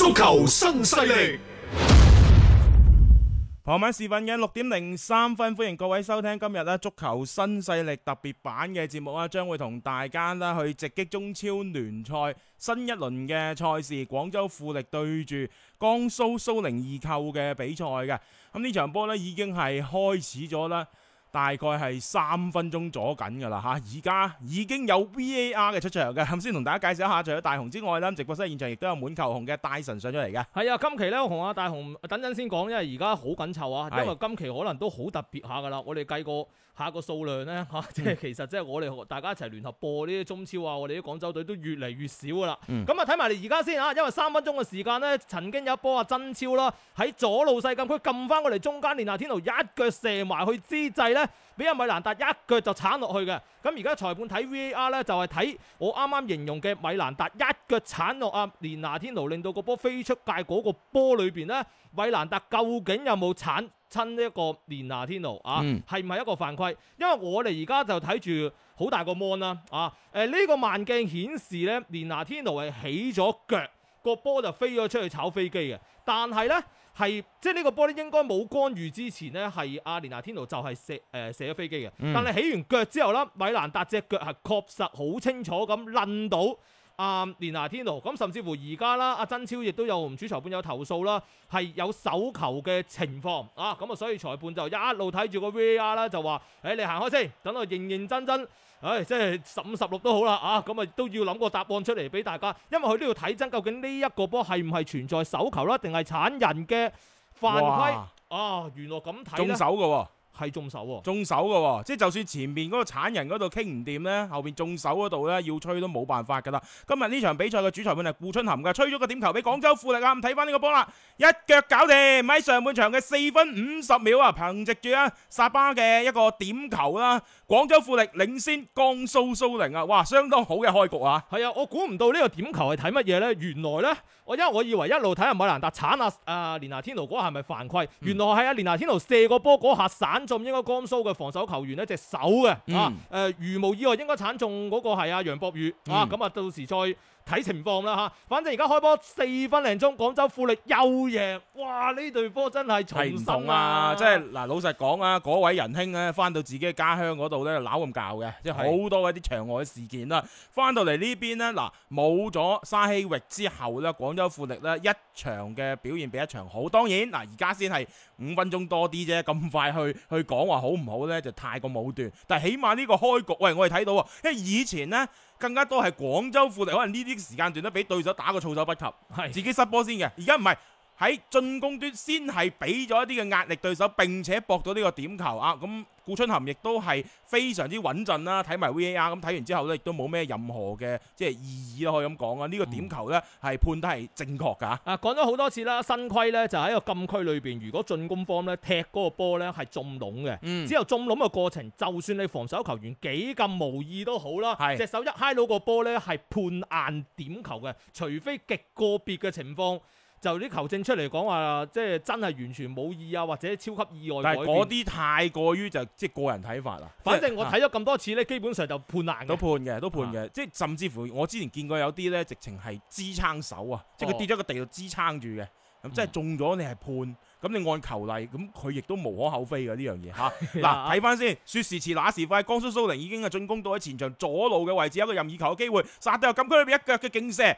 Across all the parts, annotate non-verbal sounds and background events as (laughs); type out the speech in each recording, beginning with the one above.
足球新勢力，傍晚時分嘅六點零三分，歡迎各位收聽今日咧足球新勢力特別版嘅節目啦，將會同大家咧去直擊中超聯賽新一輪嘅賽事，廣州富力對住江蘇蘇寧易購嘅比賽嘅，咁呢場波咧已經係開始咗啦。大概係三分鐘咗緊噶啦吓，而家已經有 VAR 嘅出場嘅，咁先同大家介紹一下。除咗大雄之外啦，直播室現場亦都有滿球紅嘅大神上咗嚟嘅。係啊，今期咧，我同阿大雄等陣先講，因為而家好緊湊啊，是因為今期可能都好特別下噶啦。我哋計過下個數量咧吓，嗯、即係其實即係我哋大家一齊聯合播呢啲中超啊，我哋啲廣州隊都越嚟越少噶啦。咁啊、嗯，睇埋你而家先啊。因為三分鐘嘅時間咧，曾經有一波啊真超啦，喺左路細禁區撳翻我哋中間連下天奴，一腳射埋去之際咧。俾阿米蘭達一腳就鏟落去嘅，咁而家裁判睇 VAR 呢，就係睇我啱啱形容嘅米蘭達一腳鏟落啊連拿天奴，令到個波飛出界嗰個波裏邊呢，米蘭達究竟有冇鏟親呢一個、啊這個、連拿天奴啊？係唔係一個犯規？因為我哋而家就睇住好大個 mon 啦，啊，呢個慢鏡顯示呢連拿天奴係起咗腳，個波就飛咗出去炒飛機嘅，但係呢。係，即係呢個波咧應該冇干預之前呢係阿連拿天奴就係射誒、呃、射咗飛機嘅。嗯、但係起完腳之後呢米蘭達隻腳係確實好清楚咁撚到阿、啊、連拿天奴。咁甚至乎而家啦，阿、啊、曾超亦都有同主裁判有投訴啦，係有手球嘅情況啊。咁啊，所以裁判就一路睇住個 V R 啦，就話：誒，你行開先，等我認認真真。唉、哎，即係十五十六都好啦，啊，咁啊都要諗個答案出嚟俾大家，因為佢都要睇真究竟呢一個波係唔係存在手球啦，定係鏟人嘅犯規哇啊？原來咁睇，中手㗎喎。係中手喎、啊，中手嘅，即係就算前面個鏟人度傾唔掂咧，後邊中手度咧要吹都冇辦法噶啦。今日呢場比賽嘅主裁判係顧春含嘅，吹咗個點球俾廣州富力啊！睇翻呢個波啦，一腳搞掂，喺上半場嘅四分五十秒啊，憑藉住啊薩巴嘅一個點球啦，廣州富力領先江蘇蘇寧啊，哇，相當好嘅開局啊！係啊，我估唔到呢個點球係睇乜嘢咧？原來咧，我因為我以為一路睇下米蘭達鏟啊，阿、啊、連拿天奴嗰下係咪犯規，嗯、原來係啊連拿天奴射個波嗰下散。鏟中應該江蘇嘅防守球員呢隻手嘅，嗯、啊，誒、呃，如無意外應該鏟中嗰個係阿楊博宇，嗯、啊，咁啊，到時再。睇情況啦嚇，反正而家開波四分零鐘，廣州富力又贏，哇！呢隊波真係重拾啊，啊！即係嗱，老實講啊，嗰位仁兄呢，翻到自己嘅家鄉嗰度咧，鬧咁教嘅，即係好多一啲場外事件啦。翻到嚟呢邊呢，嗱，冇咗沙希域之後呢，廣州富力呢，一場嘅表現比一場好。當然嗱，而家先係五分鐘多啲啫，咁快去去講話好唔好呢？就太過武斷。但係起碼呢個開局，喂，我哋睇到啊，因為以前呢。更加多係廣州富力，可能呢啲時間段都俾對手打個措手不及，是的 自己失波先嘅。而家唔係。喺進攻端先係俾咗一啲嘅壓力對手，並且搏到呢個點球啊！咁顧春含亦都係非常之穩陣啦、啊。睇埋 V A R，咁睇完之後咧，亦都冇咩任何嘅即係異議咯，可以咁講啊！呢、呢個點球咧係、嗯、判得係正確㗎啊，講咗好多次啦，新規咧就喺、是、個禁區裏邊，如果進攻方咧踢嗰個波咧係中籠嘅，嗯、之後中籠嘅過程，就算你防守球員幾咁無意都好啦，係隻是手一嗨攞個波咧係判硬點球嘅，除非極個別嘅情況。就啲球證出嚟講話，即、就、係、是、真係完全冇意啊，或者超級意外。但係嗰啲太過於就即、是、係個人睇法啦。反正我睇咗咁多次呢、啊、基本上就判硬。都判嘅，都判嘅。即係甚至乎我之前見過有啲呢直情係支撐手啊，即係佢跌咗個地度支撐住嘅。咁、嗯、即係中咗你係判，咁你按球例，咁佢亦都無可厚非嘅呢樣嘢嚇。嗱、啊，睇翻、 (laughs) 啊、先，説時遲那時快，江蘇蘇寧已經係進攻到喺前場左路嘅位置，有個任意球嘅機會，殺到禁區裏面一腳嘅勁射。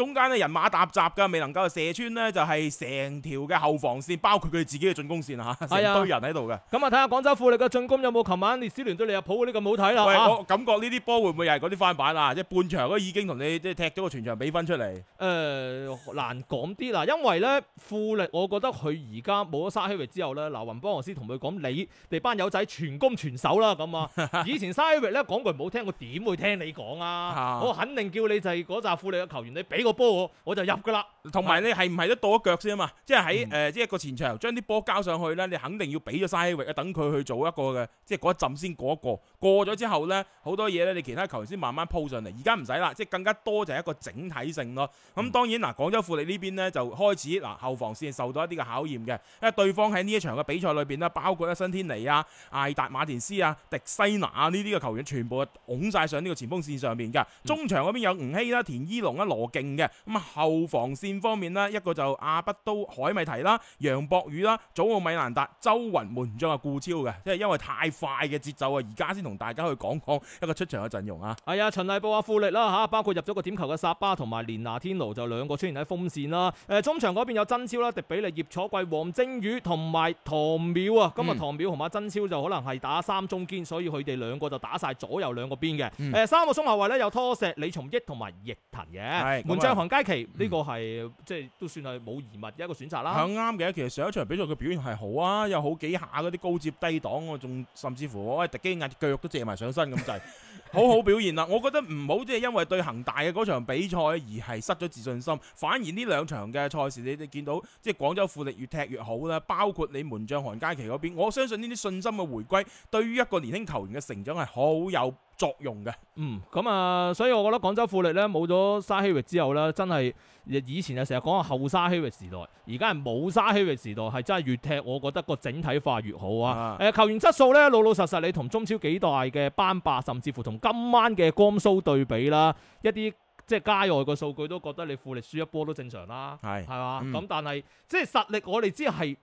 中間嘅人馬沓雜噶，未能夠射穿呢，就係成條嘅後防線，包括佢自己嘅進攻線啦吓，成堆人喺度嘅。咁啊，睇下廣州富力嘅進攻有冇琴晚列斯聯對利物浦嗰啲咁好睇啦？喂，啊、我感覺呢啲波會唔會又係嗰啲翻版啊？即係半場都已經同你即係踢咗個全場比分出嚟。誒、呃，難講啲啦，因為呢，富力，我覺得佢而家冇咗沙希域之後呢，嗱，雲波老師同佢講，你哋班友仔全攻全守啦，咁啊，以前沙希域呢講句唔好聽，我點會聽你講啊？ (laughs) 我肯定叫你就係嗰紮富力嘅球員，你俾波我，我就入噶啦，同埋你係唔係得到一腳先啊嘛？即係喺誒，即係個前場將啲波交上去呢，你肯定要俾咗沙希域啊，等佢去做一個嘅，即係嗰一陣先過一個。過咗之後呢，好多嘢呢，你其他球員先慢慢鋪上嚟。而家唔使啦，即係更加多就係一個整體性咯。咁、嗯、當然嗱，廣州富力呢邊呢，就開始嗱後防線受到一啲嘅考驗嘅，因為對方喺呢一場嘅比賽裏邊呢，包括咗新天尼啊、艾達馬田斯啊、迪西拿啊呢啲嘅球員全部拱晒上呢個前鋒線上面噶。嗯、中場嗰邊有吳曦啦、田依龍啦、羅敬。嘅咁啊，後防線方面咧，一個就阿不都海米提啦、楊博宇啦、祖奧米蘭達、周雲，門將啊，顧超嘅，即係因為太快嘅節奏啊，而家先同大家去講講一個出場嘅陣容啊。係、哎、啊，陳麗布、阿富力啦、啊、嚇，包括入咗個點球嘅薩巴同埋連拿天奴就兩個出現喺鋒線啦。誒，中場嗰邊有曾超啦、迪比利、葉楚貴、黃靖宇同埋唐淼啊。今日唐淼同埋曾超就可能係打三中堅，所以佢哋兩個就打晒左右兩個邊嘅。誒、嗯、三個中後衞呢，有拖石、李松益同埋易騰嘅。張鵬佳琪呢個係、嗯、即係都算係冇疑物一個選擇啦。係啱嘅，其實上一場比賽佢表現係好啊，有好幾下嗰啲高接低擋，我仲甚至乎我喂迪基壓腳都借埋上身咁滯。 (laughs) (laughs) 好好表現啦！我覺得唔好即係因為對恒大嘅嗰場比賽而係失咗自信心，反而呢兩場嘅賽事你哋見到即係廣州富力越踢越好啦。包括你門將韓佳琪嗰邊，我相信呢啲信心嘅回歸對於一個年輕球員嘅成長係好有作用嘅、嗯。嗯，咁、嗯、啊，所以我覺得廣州富力呢，冇咗沙希域之後呢，真係。以前就成日講話後沙希域時代，而家係冇沙希域時代，係真係越踢，我覺得個整體化越好啊！誒、啊，球員質素咧，老老實實，你同中超幾代嘅班霸，甚至乎同今晚嘅江蘇對比啦，一啲即係街外嘅數據，都覺得你富力輸一波都正常啦，係係嘛？咁吧、嗯、但係即係實力，我哋知係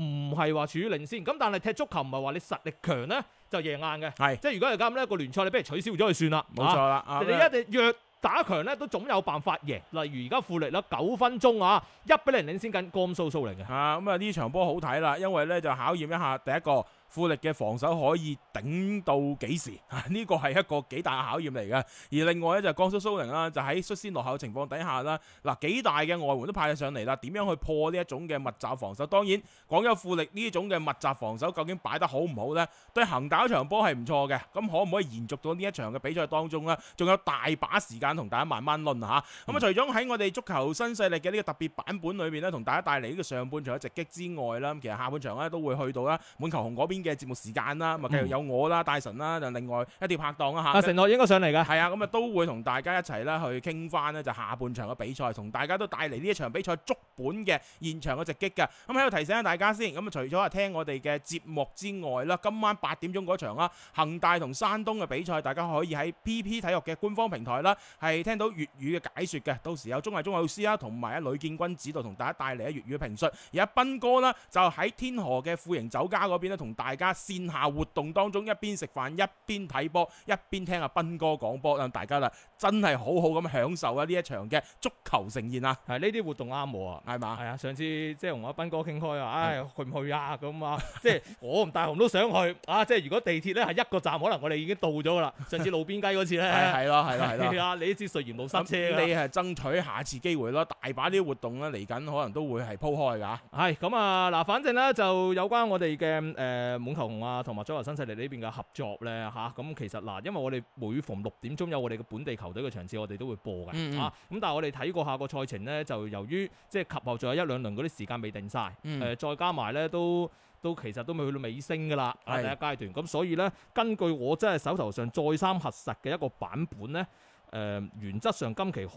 唔係話處於領先？咁但係踢足球唔係話你實力強咧就贏硬嘅，係是即係如果係咁呢個聯賽你不如取消咗佢算啦，冇、啊、錯啦，你一定弱。打強咧都總有辦法贏，例如而家富力啦，九分鐘蘇蘇啊，一比零領先緊，江蘇蘇寧嘅，啊，咁啊呢場波好睇啦，因為咧就考驗一下第一個。富力嘅防守可以頂到幾時吓，呢個係一個幾大嘅考驗嚟嘅。而另外咧就江蘇蘇寧啦，就喺率先落後嘅情況底下啦，嗱、啊、幾大嘅外援都派咗上嚟啦，點樣去破呢一種嘅密集防守？當然，廣州富力呢種嘅密集防守究竟擺得好唔好咧？對恆大場波係唔錯嘅，咁可唔可以延續到呢一場嘅比賽當中咧？仲有大把時間同大家慢慢論吓。咁啊，嗯嗯、除咗喺我哋足球新勢力嘅呢個特別版本裏邊咧，同大家帶嚟呢個上半場嘅直擊之外啦，咁其實下半場咧都會去到啦，滿球紅嗰邊嘅節目時間啦，咪繼續有我啦、大、嗯、神啦，就另外一啲拍檔啊嚇。阿陳樂應該上嚟噶，係啊，咁、嗯、啊都會同大家一齊啦去傾翻呢，就下半場嘅比賽，同大家都帶嚟呢一場比賽足本嘅現場嘅直擊噶。咁喺度提醒下大家先，咁啊除咗啊聽我哋嘅節目之外啦，今晚八點鐘嗰場啊恒大同山東嘅比賽，大家可以喺 PP 體育嘅官方平台啦，係聽到粵語嘅解説嘅。到時有鍾藝中老師啦，同埋啊呂建軍指導同大家帶嚟啊粵語嘅評述，而阿斌哥啦就喺天河嘅富盈酒家嗰邊咧同大。大家線下活動當中，一邊食飯，一邊睇波，一邊聽阿斌哥講波啦！大家啦～真係好好咁享受啊！呢一場嘅足球盛宴啊，係呢啲活動啱我啊，係嘛吧？係啊、哎，上次即係同阿斌哥傾開啊，唉、哎，去唔去啊？咁啊，即、就、係、是、我同大雄都想去啊！即、就、係、是、如果地鐵咧係一個站，可能我哋已經到咗噶啦。上次路邊街嗰次咧，係啦係啦係啦，啊， (laughs) 你啲雖然冇心車，你係爭取下次機會咯。大把啲活動咧嚟緊，可能都會係鋪開㗎。係咁啊，嗱、哎，反正咧就有關我哋嘅誒滿球紅啊，同埋將來新勢力呢邊嘅合作咧吓，咁其實嗱、啊，因為我哋每逢六點鐘有我哋嘅本地球隊嘅場次我哋都會播嘅，吓咁、嗯啊、但係我哋睇過下個賽程呢，就由於即係及後仲有一兩輪嗰啲時間未定晒，誒、嗯呃、再加埋呢都都其實都未去到尾聲噶啦，啊是第一階段咁，所以呢根據我真係手頭上再三核實嘅一個版本呢，誒、呃、原則上今期好。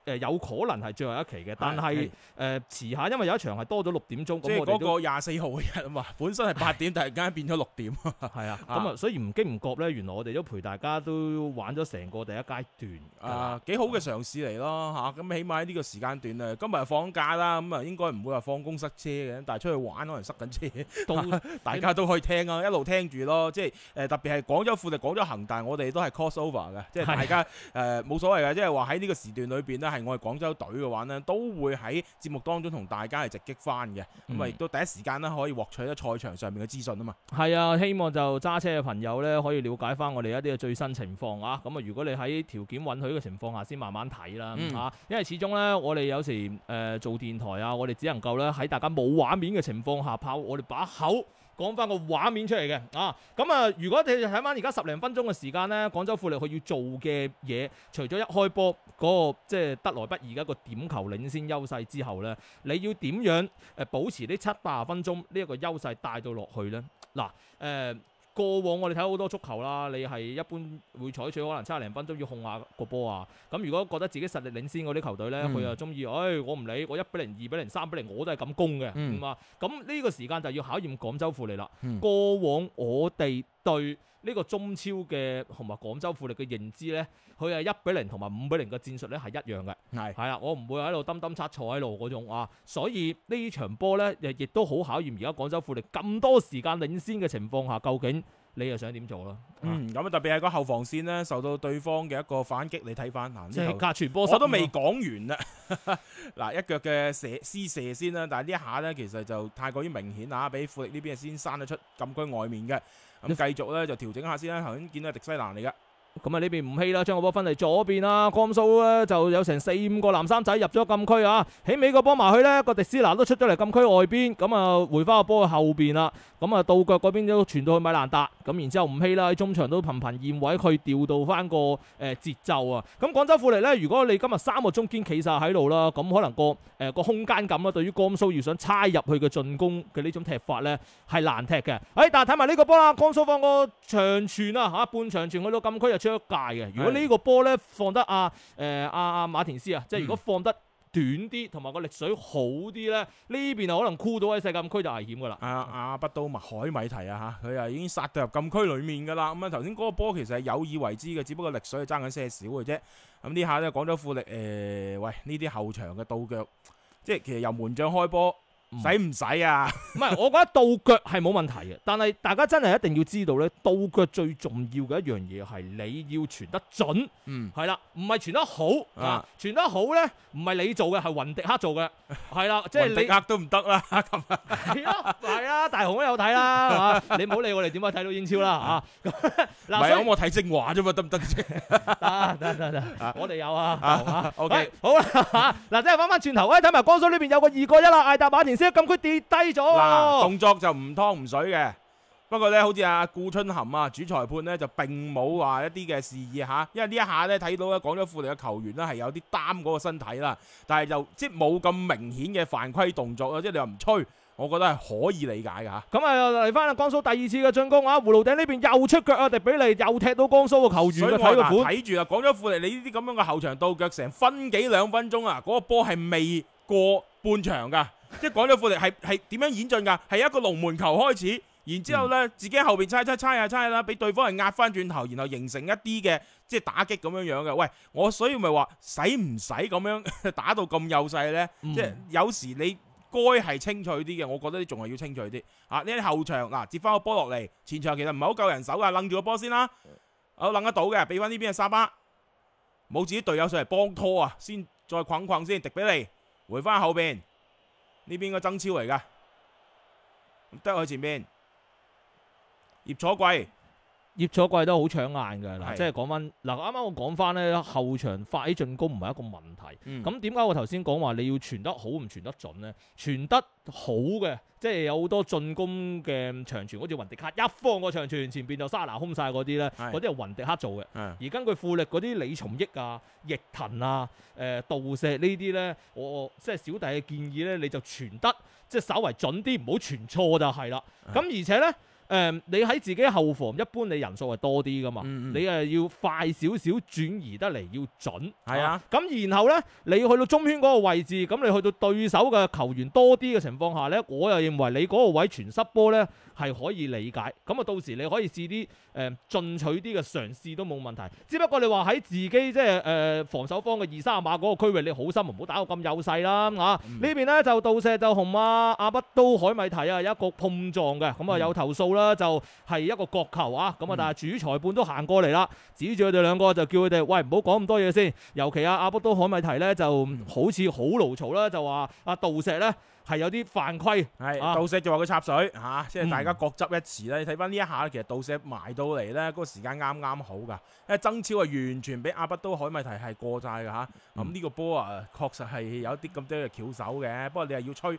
誒、呃、有可能係最後一期嘅，但係誒、呃、遲下，因為有一場係多咗六點鐘，咁嗰個廿四號嘅日啊嘛，本身係八點，突然間變咗六點，係啊，咁啊，所以唔經唔覺咧，原來我哋都陪大家都玩咗成個第一階段啊，幾好嘅嘗試嚟咯嚇，咁、啊啊、起碼呢個時間段啊，今日放假啦，咁啊應該唔會話放工塞車嘅，但係出去玩可能塞緊車，都到 (laughs) 大家都可以聽啊，一路聽住咯，即係誒、呃、特別係廣州富力、廣州恒大，我哋都係 cross over 嘅，即係大家誒冇、呃呃、所謂嘅，即係話喺呢個時段裏邊咧。係我哋廣州隊嘅話呢，都會喺節目當中同大家係直擊翻嘅，咁啊亦都第一時間呢可以獲取咗賽場上面嘅資訊啊嘛。係啊，希望就揸車嘅朋友呢，可以了解翻我哋一啲嘅最新情況啊。咁啊，如果你喺條件允許嘅情況下，先慢慢睇啦吓。因為始終呢，我哋有時誒、呃、做電台啊，我哋只能夠呢，喺大家冇畫面嘅情況下，拋我哋把口。講翻個畫面出嚟嘅啊，咁、嗯、啊，如果你睇翻而家十零分鐘嘅時間呢，廣州富力佢要做嘅嘢，除咗一開波嗰、那個即係、就是、得來不易嘅一個點球領先優勢之後呢，你要點樣誒保持呢七八分鐘呢一個優勢帶到落去呢？嗱、啊、誒。呃過往我哋睇好多足球啦，你係一般會採取可能七十零分鐘都要控下個波啊。咁如果覺得自己實力領先嗰啲球隊呢，佢又中意，唉、哎，我唔理，我一比零、二比零、三比零，我都係咁攻嘅，咁啊。咁呢個時間就要考驗廣州富力啦。嗯、過往我哋對呢個中超嘅同埋廣州富力嘅認知呢，佢係一比零同埋五比零嘅戰術呢係一樣嘅。係係啦，我唔會喺度揼揼插坐喺度嗰種啊。所以呢場波呢，亦都好考驗而家廣州富力咁多時間領先嘅情況下，究竟你又想點做咯？嗯、啊，咁特別係個後防線呢，受到對方嘅一個反擊，你睇翻嗱，即係傳波我都未講完啦。嗱， (laughs) 一腳嘅射施射，射先啦，但係呢一下呢，其實就太過於明顯啊，俾富力呢邊先生得出禁區外面嘅。咁繼續咧就調整下先啦，頭先見到係迪西蘭嚟㗎。咁啊呢邊吳曦啦，將個波分嚟左邊啦。江蘇咧就有成四五個藍衫仔入咗禁區啊！起尾個波埋去呢個迪斯拿都出咗嚟禁區外邊，咁啊回翻個波去後邊啦。咁啊到腳嗰邊都傳到去米蘭達，咁然之後吳曦啦，喺中場都頻頻佔位去到，去調度翻個誒節奏啊！咁廣州富力呢，如果你今日三個中堅企晒喺度啦，咁可能個誒個空間感啊，對於江蘇要想差入去嘅進攻嘅呢種踢法呢，係難踢嘅。誒，但係睇埋呢個波啦，江蘇放個長傳啊，吓半長傳去到禁區出界嘅，如果個呢個波咧放得阿誒阿阿馬田斯啊，即係如果放得短啲，同埋、嗯、個力水好啲咧，呢邊就可能箍到喺細禁區就危險噶啦、啊。啊阿不到麥海米提啊嚇，佢係已經殺到入禁區裡面噶啦。咁啊頭先嗰個波其實係有意為之嘅，只不過力水係爭緊些少嘅啫。咁、嗯、呢下咧廣州富力誒、呃，喂呢啲後場嘅倒腳，即係其實由門將開波。使唔使啊？唔係，我覺得倒腳係冇問題嘅，但係大家真係一定要知道咧，倒腳最重要嘅一樣嘢，係你要傳得準。嗯，係啦，唔係傳得好啊？傳得好咧，唔係你做嘅，係雲迪克做嘅。係啦，即係雲迪克都唔得啦。咁係咯，大雄都有睇啦，你唔好理我哋點解睇到英超啦，吓。唔係咁，我睇精華啫嘛，得唔得啫？得得得，得，我哋有啊。OK，好啦嗱，即係翻翻轉頭，喂，睇埋江蘇呢邊有個二過一啦，艾達把電。即係咁，佢跌低咗，動作就唔湯唔水嘅。不過呢，好似阿顧春含啊，主裁判呢，就並冇話一啲嘅示意吓、啊，因為呢一下呢，睇到呢廣州富力嘅球員呢，係有啲擔嗰個身體啦，但係就即冇咁明顯嘅犯規動作啊，即係你又唔吹，我覺得係可以理解嘅。咁啊嚟翻啊，江蘇第二次嘅進攻啊，葫蘆頂呢邊又出腳啊，迪比利又踢到江蘇嘅球員睇住外著啊，廣州富力你呢啲咁樣嘅後場倒腳，成分幾兩分鐘啊，嗰、嗰個波係未過半場噶？即係講咗富力係係點樣演進噶？係一個龍門球開始，然之後咧自己喺後邊猜猜猜下猜啦，俾對方係壓翻轉頭，然後形成一啲嘅即係打擊咁樣樣嘅。喂，我所以咪話使唔使咁樣打到咁幼細呢？嗯、即係有時你該係清脆啲嘅，我覺得你仲係要清脆啲。啊，呢啲後場嗱、啊，接翻個波落嚟，前場其實唔係好夠人手噶，拎住個波先啦。我、啊、拎得到嘅，俾翻呢邊嘅沙巴，冇自己隊友上嚟幫拖啊，先再框框先，遞俾你，回翻後邊。呢邊個曾超嚟㗎，得佢前面，葉楚貴。葉楚貴都好搶眼嘅嗱，即係講翻嗱，啱啱我講翻咧後場發起進攻唔係一個問題，咁點解我頭先講話你要傳得好唔傳得準咧？傳得好嘅，即係有好多進攻嘅長傳，好似雲迪克一方個長傳，前邊就沙拿空晒嗰啲咧，嗰啲係雲迪克做嘅。是的 而根據富力嗰啲李松益啊、易騰啊、誒杜射呢啲咧，我即係小弟嘅建議咧，你就傳得即係、就是、稍為準啲，唔好傳錯就係啦。咁而且咧。誒，你喺自己後防，一般你人數係多啲㗎嘛。嗯嗯，你誒要快少少轉移得嚟，要準。係啊，咁然後呢，你去到中圈嗰個位置，咁你去到對手嘅球員多啲嘅情況下呢，我又認為你嗰個位全失波呢。係可以理解，咁啊到時你可以試啲誒進取啲嘅嘗試都冇問題。只不過你話喺自己即係誒防守方嘅二三啊碼嗰個區域，你好心唔好打到咁幼細啦，嚇、啊。呢、嗯、邊呢就杜石就同阿阿不都海米提啊有一個碰撞嘅，咁、嗯、啊、嗯、有投訴啦，就係一個角球啊，咁啊但係主裁判都行過嚟啦，指住佢哋兩個就叫佢哋喂，唔好講咁多嘢先，尤其阿阿不都海米提呢，就好似好牢嘈啦，就話阿杜石呢。」係有啲犯規，係倒射就話佢插水嚇、啊，即係大家各執一詞啦。嗯、你睇翻呢一下其實倒石埋到嚟咧，嗰、那個時間啱啱好噶，因為曾超啊完全俾阿畢都海米提係過晒嘅嚇。咁、啊、呢、嗯、個波啊，確實係有啲咁多嘅巧手嘅，不過你係要吹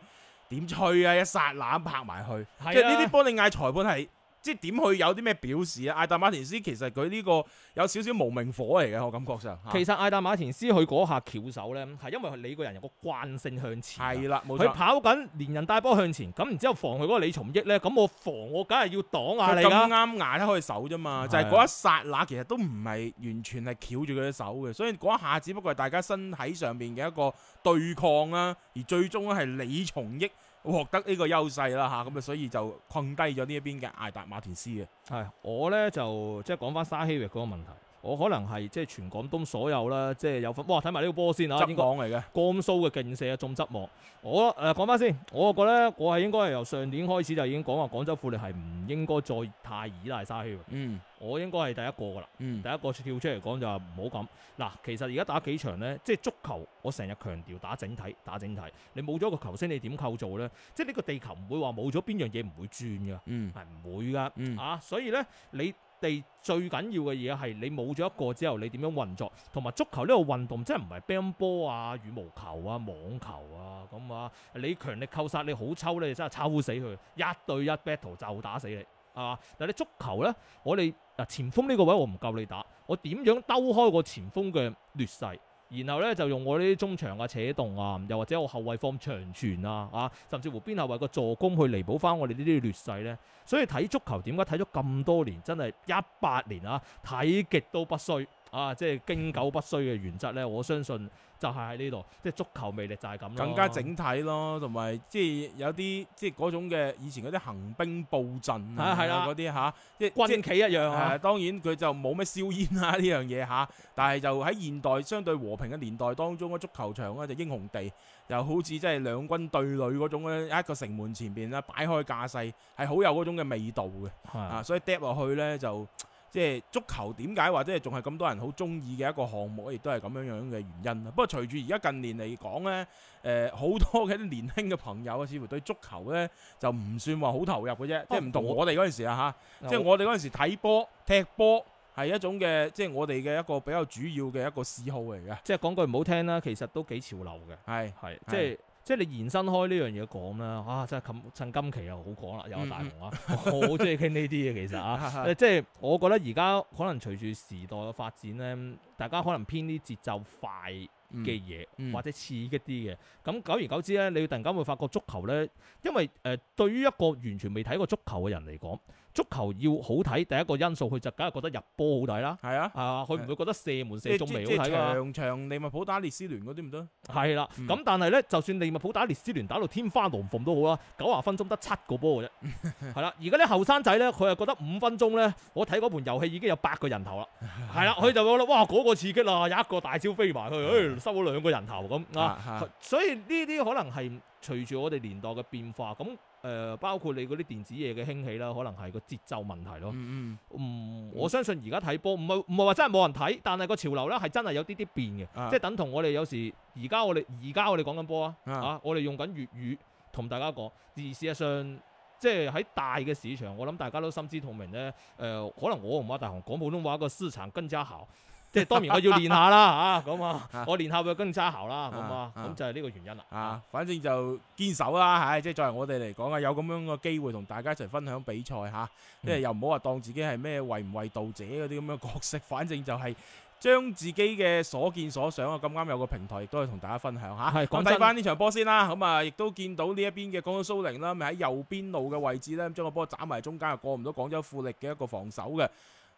點吹啊？一剎冷拍埋去，即係呢啲幫你嗌裁判係。即係點去有啲咩表示啊？艾達馬田斯其實佢呢個有少少無名火嚟嘅，我感覺上。啊、其實艾達馬田斯佢嗰下翹手呢，係因為佢呢個人有個慣性向前。係啦，冇錯，佢跑緊連人帶波向前，咁然之後防佢嗰個李松益呢，咁我防我梗係要擋下你啦、啊。啱挨開手啫嘛，就係、是、嗰一剎那，其實都唔係完全係翹住佢隻手嘅，的所以嗰一下只不過係大家身體上面嘅一個對抗啦。而最終咧係李松益。獲得呢個優勢啦吓，咁啊所以就困低咗呢一邊嘅艾達馬田斯嘅。係我咧就即係講翻沙希域嗰個問題。我可能係即係全廣東所有啦，即係有份。哇！睇埋呢個波先啊，執嚟嘅，江蘇嘅勁射啊，仲執望。我誒講翻先，我覺得我係應該係由上年開始就已經講話廣州富力係唔應該再太依賴沙希。嗯，我應該係第一個噶啦。嗯，第一個跳出嚟講就話唔好咁。嗱，其實而家打幾場呢，即係足球，我成日強調打整體，打整體。你冇咗個球星，你點構造呢？即係呢個地球唔會話冇咗邊樣嘢唔會轉嘅。嗯，係唔會噶。嗯。啊，所以呢，你。地最緊要嘅嘢係你冇咗一個之後，你點樣運作？同埋足球呢個運動真係唔係乒乓波啊、羽毛球啊、網球啊咁啊！你強力扣殺，你好抽你真係抽死佢。一對一 battle 就打死你，係嘛？但係你足球呢？我哋嗱前鋒呢個位我唔夠你打，我點樣兜開個前鋒嘅劣勢？然後咧就用我呢啲中場啊扯動啊，又或者我後衞放長傳啊，啊，甚至乎邊後衞個助攻去彌補翻我哋呢啲劣勢呢。所以睇足球點解睇咗咁多年，真係一八年啊睇極都不衰。啊！即係經久不衰嘅原則呢，我相信就係喺呢度，即係足球魅力就係咁啦。更加整體咯，同埋即係有啲即係嗰種嘅以前嗰啲行兵布陣係啦嗰啲吓，啊啊啊、即係是軍棋一樣、啊。係、啊、當然佢就冇咩硝煙啊呢樣嘢吓、啊，但係就喺現代相對和平嘅年代當中，足球場咧就是、英雄地，又好似即係兩軍對壘嗰種咧，一個城門前邊咧擺開架勢，係好有嗰種嘅味道嘅。啊，所以 d 落去呢，就。即係足球點解或者仲係咁多人好中意嘅一個項目，亦都係咁樣樣嘅原因啦。不過隨住而家近年嚟講呢，誒好多嘅年輕嘅朋友啊，似乎對足球呢就唔算話好投入嘅啫，即係唔同我哋嗰陣時啦嚇。即係我哋嗰陣時睇波、踢波係一種嘅，即係我哋嘅一個比較主要嘅一個嗜好嚟嘅。即係講句唔好聽啦，其實都幾潮流嘅。係係即係。是是即係你延伸開呢樣嘢講啦，啊真係趁趁今期又好講啦，有，有大龍啊，嗯、 (laughs) 我好中意傾呢啲嘢其實啊， (laughs) 即係我覺得而家可能隨住時代嘅發展呢，大家可能偏啲節奏快嘅嘢，嗯、或者刺激啲嘅，咁久而久之呢，你突然間會發覺足球呢，因為誒、呃、對於一個完全未睇過足球嘅人嚟講。足球要好睇，第一個因素佢就梗係覺得入波好睇啦。係啊，係啊，佢唔是會覺得射門射中未好睇㗎。即即場場利物浦打列斯聯嗰啲唔得。係啦的，咁、嗯、但係咧，就算利物浦打列斯聯打到天花龍鳳都好啦，九啊分鐘得七個波嘅啫。係啦， (laughs) 而家啲後生仔咧，佢係覺得五分鐘咧，我睇嗰盤遊戲已經有八個人頭啦。係啦， (laughs) 佢就覺得哇嗰、那個刺激啦，有一個大招飛埋去，唉、哎、收咗兩個人頭咁啊。 (laughs) 所以呢啲可能係隨住我哋年代嘅變化咁。誒、呃，包括你嗰啲電子嘢嘅興起啦，可能係個節奏問題咯。嗯，嗯，嗯我相信而家睇波，唔係唔係話真係冇人睇，但係個潮流呢係真係有啲啲變嘅，啊、即係等同我哋有時而家我哋而家我哋講緊波啊，啊，啊，我哋用緊粵語同大家講，而事實上即係喺大嘅市場，我諗大家都心知肚明呢，誒、呃，可能我唔話大雄講普通話個市場更加好。即係當然我要練下啦嚇，咁 (laughs) 啊，啊我練下佢跟沙喉啦，咁啊，咁就係呢個原因啦。啊，啊啊反正就堅守啦，唉，即係作為我哋嚟講啊，有咁樣嘅機會同大家一齊分享比賽嚇、啊，即係又唔好話當自己係咩為唔為道者嗰啲咁樣角色，反正就係將自己嘅所見所想啊，咁啱有個平台亦都可同大家分享嚇。咁睇翻呢場波先啦，咁啊亦都見到呢一邊嘅江蘇蘇寧啦，咪喺右邊路嘅位置呢，將個波斬埋中間，又過唔到廣州富力嘅一個防守嘅。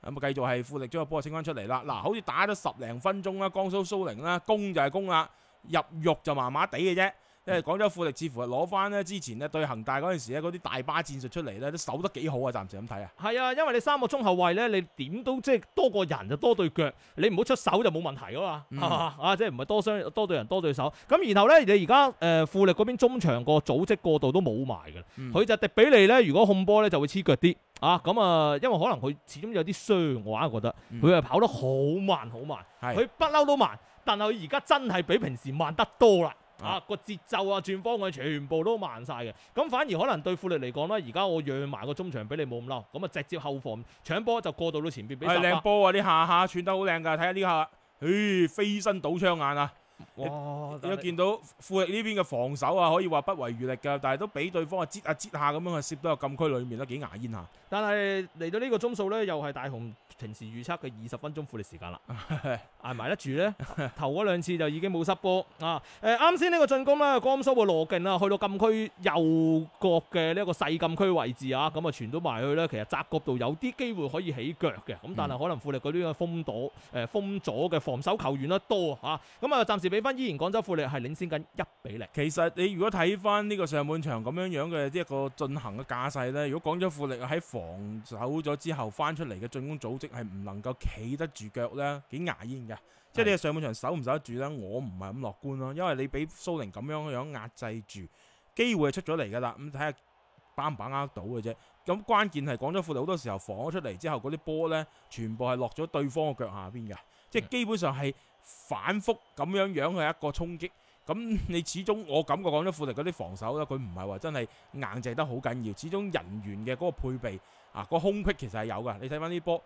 咁啊，繼續係富力將個波清翻出嚟啦！嗱，好似打咗十零分鐘啦，江蘇蘇寧啦，攻就係攻啦，入肉就麻麻地嘅啫。因為廣州富力似乎係攞翻咧之前咧對恒大嗰陣時咧嗰啲大巴戰術出嚟咧，都守得幾好啊！暫時咁睇啊。係啊，因為你三個中後衛咧，你點都即係多個人就多對腳，你唔好出手就冇問題噶嘛，嗯、啊？即係唔係多傷多對人多對手。咁然後咧，你而家誒富力嗰邊中場個組織過渡都冇埋噶，佢、嗯、就迪比利咧，如果控波咧就會黐腳啲啊。咁啊，因為可能佢始終有啲傷，我硬覺得佢係跑得好慢好慢，佢不嬲都慢，但係佢而家真係比平時慢得多啦。啊，那個節奏啊，轉方位全部都慢晒嘅，咁反而可能對富力嚟講咧，而家我讓埋個中場俾你冇咁嬲，咁啊直接後防搶波就過到到前邊俾你。係靚波啊！呢下下串得好靚㗎，睇下呢下，咦、哎，飛身倒槍眼啊！哇！又見到富力呢邊嘅防守啊，可以話不遺餘力㗎，但係都俾對方啊，擠下擠下咁樣去攝到入禁區裏面都幾牙煙嚇。但係嚟到呢個鐘數呢，又係大雄平時預測嘅二十分鐘富力時間啦，挨埋 (laughs) 得住呢？頭嗰兩次就已經冇失波啊！誒啱先呢個進攻呢，江蘇嘅羅勁啊，去到禁區右角嘅呢一個細禁區位置啊，咁啊傳到埋去呢。其實窄角度有啲機會可以起腳嘅，咁但係可能富力嗰啲嘅封堵誒封阻嘅防守球員咧多啊，咁啊暫時。俾翻依然廣州富力係領先緊一比零。其實你如果睇翻呢個上半場咁樣樣嘅即係個進行嘅架勢呢，如果廣州富力喺防守咗之後翻出嚟嘅進攻組織係唔能夠企得住腳呢，幾牙煙㗎。即係你上半場守唔守得住呢？我唔係咁樂觀咯，因為你俾蘇寧咁樣樣壓制住，機會係出咗嚟㗎啦。咁睇下把唔把握到嘅啫。咁關鍵係廣州富力好多時候防咗出嚟之後，嗰啲波呢，全部係落咗對方嘅腳下邊嘅。即基本上係反覆咁樣樣嘅一個衝擊，咁你始終我感覺講廣州富力嗰啲防守呢，佢唔係話真係硬淨得好緊要，始終人員嘅嗰個配備啊，個空隙其實係有噶，你睇翻啲波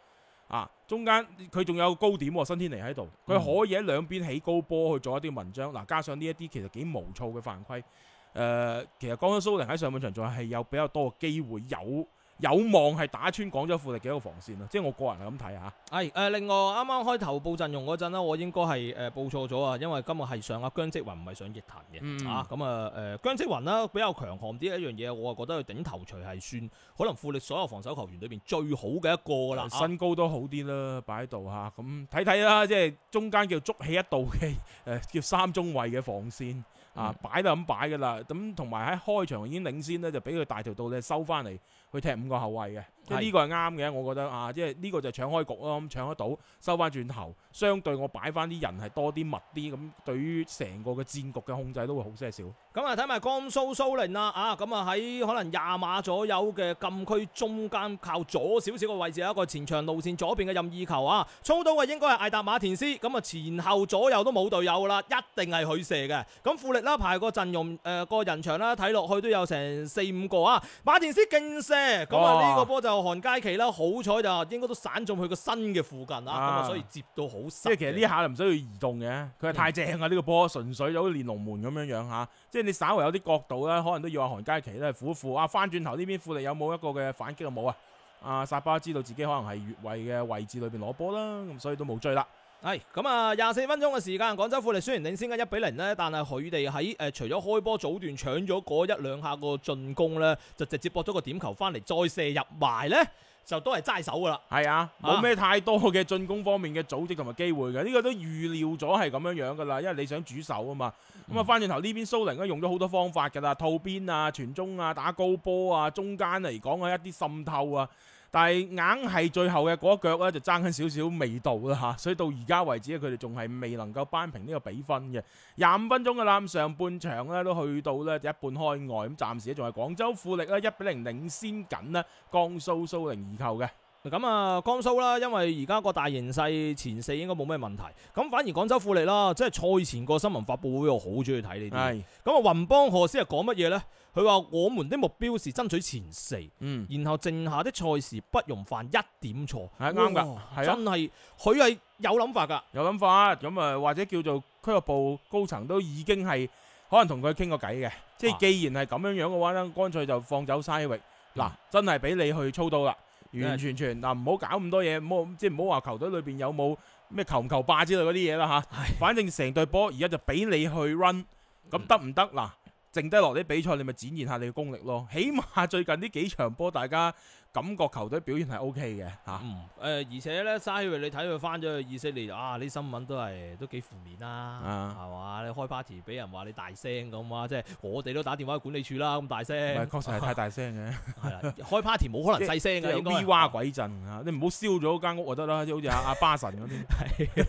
啊，中間佢仲有個高點，新天尼喺度，佢可以喺兩邊起高波去做一啲文章，嗱、啊、加上呢一啲其實幾毛躁嘅犯規，誒、呃、其實江蘇蘇寧喺上半場仲係有比較多嘅機會有。有望係打穿廣州富力嘅一個防線咯，即、就、係、是、我個人係咁睇下，係誒、呃，另外啱啱開頭報陣容嗰陣我應該係誒、呃、報錯咗啊，因為今日係上阿姜職雲，唔係上易騰嘅嚇。咁啊誒，姜職雲啦、嗯啊嗯、比較強悍啲一樣嘢，我係覺得佢頂頭鎚係算可能富力所有防守球員裏邊最好嘅一個噶啦。是啊、身高都好啲啦，擺喺度嚇。咁睇睇啦，即係中間叫捉起一道嘅誒、啊、叫三中衞嘅防線啊，嗯、擺到咁擺噶啦。咁同埋喺開場已經領先呢，就俾佢大條道理收翻嚟去踢後衛個後衛嘅，呢個係啱嘅。我覺得啊，即係呢個就搶開局咯，咁搶得到，收翻轉頭，相對我擺翻啲人係多啲密啲，咁、嗯、對於成個嘅戰局嘅控制都會好些少。咁啊睇埋江蘇蘇寧啦，啊咁啊喺可能廿碼左右嘅禁區中間靠左少少嘅位置有一個前場路線左邊嘅任意球啊，操刀嘅應該係艾達馬田斯，咁、嗯、啊前後左右都冇隊友噶啦，一定係佢射嘅。咁、嗯、富力啦、啊、排個陣容誒個、呃、人場啦睇落去都有成四五個啊，馬田斯勁射。嗯嗯咁啊呢個波就韓佳琪啦，好彩就應該都散咗去佢個身嘅附近啊。咁啊所以接到實實、嗯、好實、啊。即係其實呢下就唔需要移動嘅，佢係太正啊！呢個波純粹就好似練龍門咁樣樣嚇，即係你稍為有啲角度咧，可能都要阿韓佳琪咧苦負啊！翻轉頭呢邊富力有冇一個嘅反擊冇啊？阿薩巴知道自己可能係越位嘅位置裏邊攞波啦，咁、啊、所以都冇追啦。係咁、哎、啊！廿四分鐘嘅時間，廣州富力雖然領先嘅、呃、一比零呢，但係佢哋喺誒除咗開波早段搶咗嗰一兩下個進攻呢，就直接搏咗個點球翻嚟，再射入埋呢，就都係齋手噶啦。係啊，冇咩、啊、太多嘅進攻方面嘅組織同埋機會嘅，呢、這個都預料咗係咁樣樣噶啦。因為你想主手啊嘛，咁啊翻轉頭呢邊蘇寧都用咗好多方法噶啦，套邊啊、傳中啊、打高波啊、中間嚟講啊一啲滲透啊。但係硬係最後嘅嗰一腳咧，就爭緊少少味道啦嚇，所以到而家為止佢哋仲係未能夠扳平呢個比分嘅。廿五分鐘嘅啦，上半場咧都去到咧一半開外，咁暫時仲係廣州富力咧一比零領先緊啦，江蘇蘇寧易購嘅。咁啊，江蘇啦，因為而家個大形勢，前四應該冇咩問題。咁反而廣州富力啦，即係賽前個新聞發布會我，我好中意睇呢啲。咁啊，雲邦賀斯係講乜嘢呢？佢話我們的目標是爭取前四，嗯、然後剩下的賽事不容犯一點錯，係啱噶，真係佢係有諗法噶，有諗法。咁啊，或者叫做俱樂部高層都已經係可能同佢傾過偈嘅，即係既然係咁樣樣嘅話呢，乾脆就放走西域，嗱、嗯，嗯、真係俾你去操刀啦。完全全嗱，唔、啊、好搞咁多嘢，唔好即係唔好話球隊裏邊有冇咩球唔球霸之類嗰啲嘢啦嚇。啊、 (laughs) 反正成隊波而家就俾你去 run，咁得唔得？嗱、啊，剩低落啲比賽你咪展現下你嘅功力咯。起碼最近呢幾場波大家，感覺球隊表現係 O K 嘅吓，誒、啊嗯呃，而且咧，沙希維、啊，你睇佢翻咗去以色列啊，啲新聞都係都幾負面啦，係嘛，你開 party 俾人話你大聲咁啊，即係我哋都打電話去管理處啦，咁大聲，係，確實係太大聲嘅，係啦、啊，開 party 冇 (laughs) 可能細聲嘅，即係咪哇鬼震啊！你唔好燒咗間屋就得啦， (laughs) 好似阿阿巴神嗰啲，係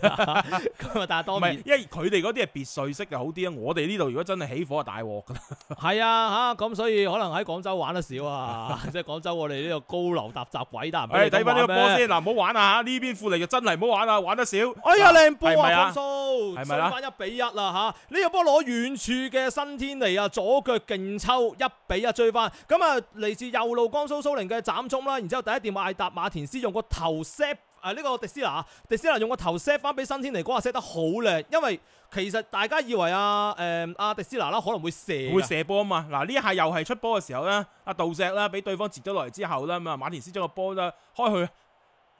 咁啊，但係多唔係，因為佢哋嗰啲係別墅式嘅好啲啊，我哋呢度如果真係起火大鑊噶，係啊，吓、啊、咁，所以可能喺廣州玩得少啊， (laughs) 即係廣州我哋呢度流哎、波流搭雜鬼得唔得？睇翻呢波先，嗱唔好玩啊吓！呢邊富力就真係唔好玩啊，玩得少。哎呀靚波啊，江蘇，係咪啊？一比一啦吓，呢、啊啊這個波攞遠處嘅新天尼啊，左腳勁抽一比一追翻。咁啊嚟自右路江蘇蘇寧嘅斬中啦，然之後第一點艾達馬田斯用個頭 set，誒呢個迪斯拿，迪斯拿用個頭 set 翻俾新天尼，講下 set 得好靚，因為。其實大家以為啊誒阿、呃啊、迪斯拿啦可能會射，會射波啊嘛。嗱、啊、呢一下又係出波嘅時候咧，阿、啊、杜石啦、啊、俾對方截咗落嚟之後啦，咁啊馬田斯將個波咧開去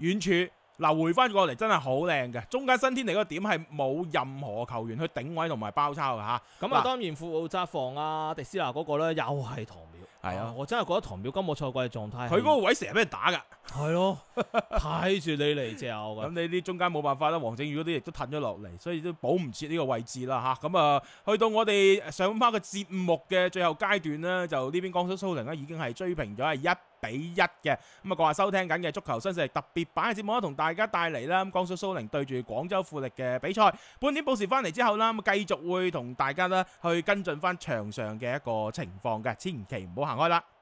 遠處，嗱、啊、回翻過嚟真係好靚嘅。中間新天地個點係冇任何球員去頂位同埋包抄嘅吓。咁啊，當然負負責防阿、啊、迪斯拿個咧又係唐。係是啊，我真係覺得唐淼今個賽季嘅狀態，佢嗰個位成日俾人打噶，係咯，睇住你嚟就咁，你啲中間冇辦法啦，黃政宇嗰啲亦都褪咗落嚟，所以都保唔切呢個位置啦吓，咁啊，啊、去到我哋上 part 嘅節目嘅最後階段咧，就呢邊江蘇蘇寧咧已經係追平咗係一。比一嘅咁啊！各位收聽緊嘅足球新勢力特別版嘅節目咧，同大家帶嚟啦！咁江蘇蘇寧對住廣州富力嘅比賽，半點報時翻嚟之後啦，咁繼續會同大家咧去跟進翻場上嘅一個情況嘅，千祈唔好行開啦～